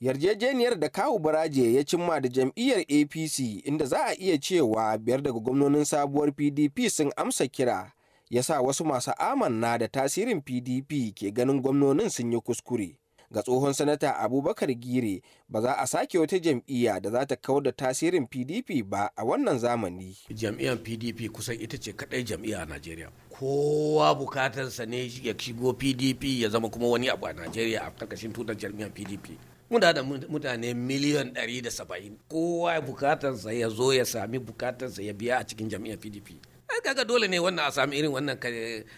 yarjejeniyar da kawu baraje ya cimma da jam'iyyar apc inda za a iya cewa biyar daga gwamnonin sabuwar pdp sun amsa kira ya sa wasu masu amanna da tasirin pdp ke ganin gwamnonin sun yi kuskure ga tsohon sanata abubakar gire ba za a sake wata jam'iyya da za ta kawar da tasirin pdp ba a wannan zamani jam'iyyar pdp kusan ita ce kadai jam'iyya a najeriya kowa bukatarsa ne ya shigo pdp ya zama kuma wani abu a najeriya a karkashin tutar jam'iyyar pdp muna da mutane miliyan 170 kowa bukatarsa ya zo ya sami bukatarsa ya biya a cikin jam'iyyar pdp ai kaga dole ne wannan a sami irin wannan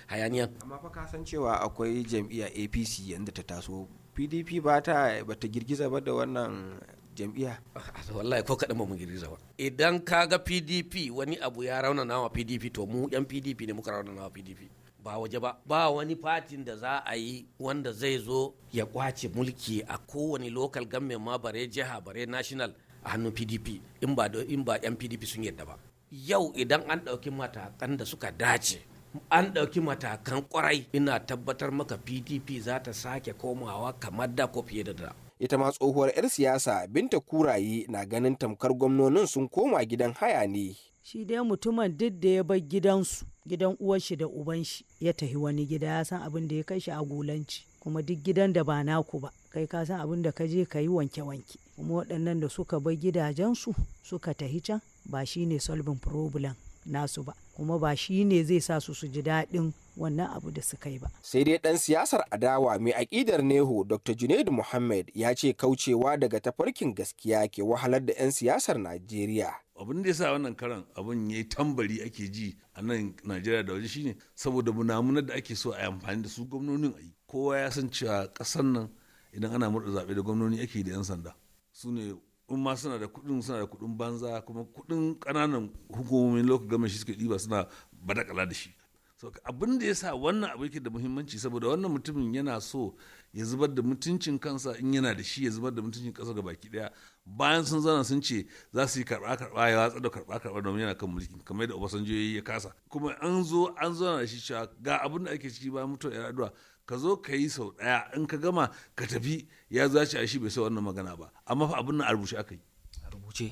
hayaniyan amma fa ka san cewa akwai jam'iyyar apc yadda ta taso pdp ba ta bata girgiza ba da wannan jam'iyya wallahi ko kaɗan ba mu girgiza ba idan kaga pdp wani abu ya raunana wa pdp to mu yan pdp ne muka raunana wa pdp ba waje ba ba wani fatin da za a yi wanda zai zo ya kwace mulki a kowane local government ma bare jiha bare national a hannun pdp in ba in ba yan pdp sun yadda ba yau idan an ɗauki matakan da suka dace an ɗauki matakan kwarai ina tabbatar maka pdp za ta sake komawa kamar da ko fiye da da ita ma tsohuwar 'yar siyasa binta kurayi na ganin tamkar gwamnonin sun koma gidan haya ne shi dai mutumin duk da ya bar gidansu gidan uwarshi da ubanshi ya tahi wani gida ya san abin da ya kai shi a gulanci kuma duk gidan da ba naku ba kai ka san abin da ka je ka yi wanke-wanke kuma waɗannan da suka bai gidajensu suka tahi can ba shi ne solving problem nasu ba kuma ba shi ne zai sa su su ji daɗin wannan abu da suka yi ba. Sai dai ɗan siyasar adawa mai aƙidar Neho Dr. junaid Muhammad ya ce kaucewa daga tafarkin gaskiya ke wahalar da 'yan siyasar Najeriya. abin da ya sa wannan karan abin ya yi tambari ake ji a nan najeriya da waje shine saboda munamunar da ake so a yi amfani da su gwamnonin a yi kowa ya san cewa ƙasar nan idan ana murda zaɓe da gwamnoni ake da 'yan sanda su ne in ma suna da kuɗin suna da kuɗin banza kuma kuɗin ƙananan hukumomin lokacin gama shi suke ɗiba suna badakala da shi so abin da ya sa wannan abu yake da muhimmanci saboda wannan mutumin yana so ya zubar da mutuncin kansa in yana da shi ya zubar da mutuncin kasa ga baki daya bayan sun zana sun ce za su yi karba karba ya watsa da karba karba domin yana kan mulki kamar yadda Obasanjo ya kasa kuma an zo an zo da shi cewa ga abin da ake ciki bayan mutuwar Yar'adua ka zo ka yi sau daya in ka gama ka tafi ya zaci a shi bai sai wannan magana ba amma fa abin nan a rubuce aka yi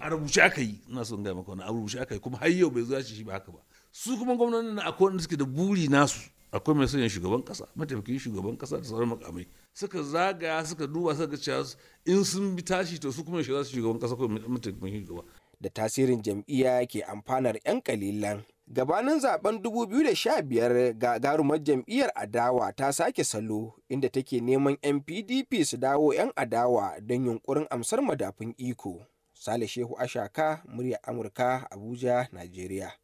a rubuce aka yi ina son gaya maka wannan a rubuce aka yi kuma har yau bai zo shi ba haka ba su kuma gwamnonin na akwai wanda suke da buri nasu akwai mai sanya shugaban kasa mataimakin shugaban kasa da sauran makamai suka zagaya suka duba suka ga cewa in sun bi tashi to su kuma shi za su shugaban kasa ko mataimakin shugaba da tasirin jam'iyya ke amfanar 'yan kalilan gabanin zaben 2015 ga garumar jam'iyyar adawa ta sake salo inda take neman 'yan pdp su dawo 'yan adawa don yunkurin amsar madafun iko sale shehu ashaka murya amurka abuja nigeria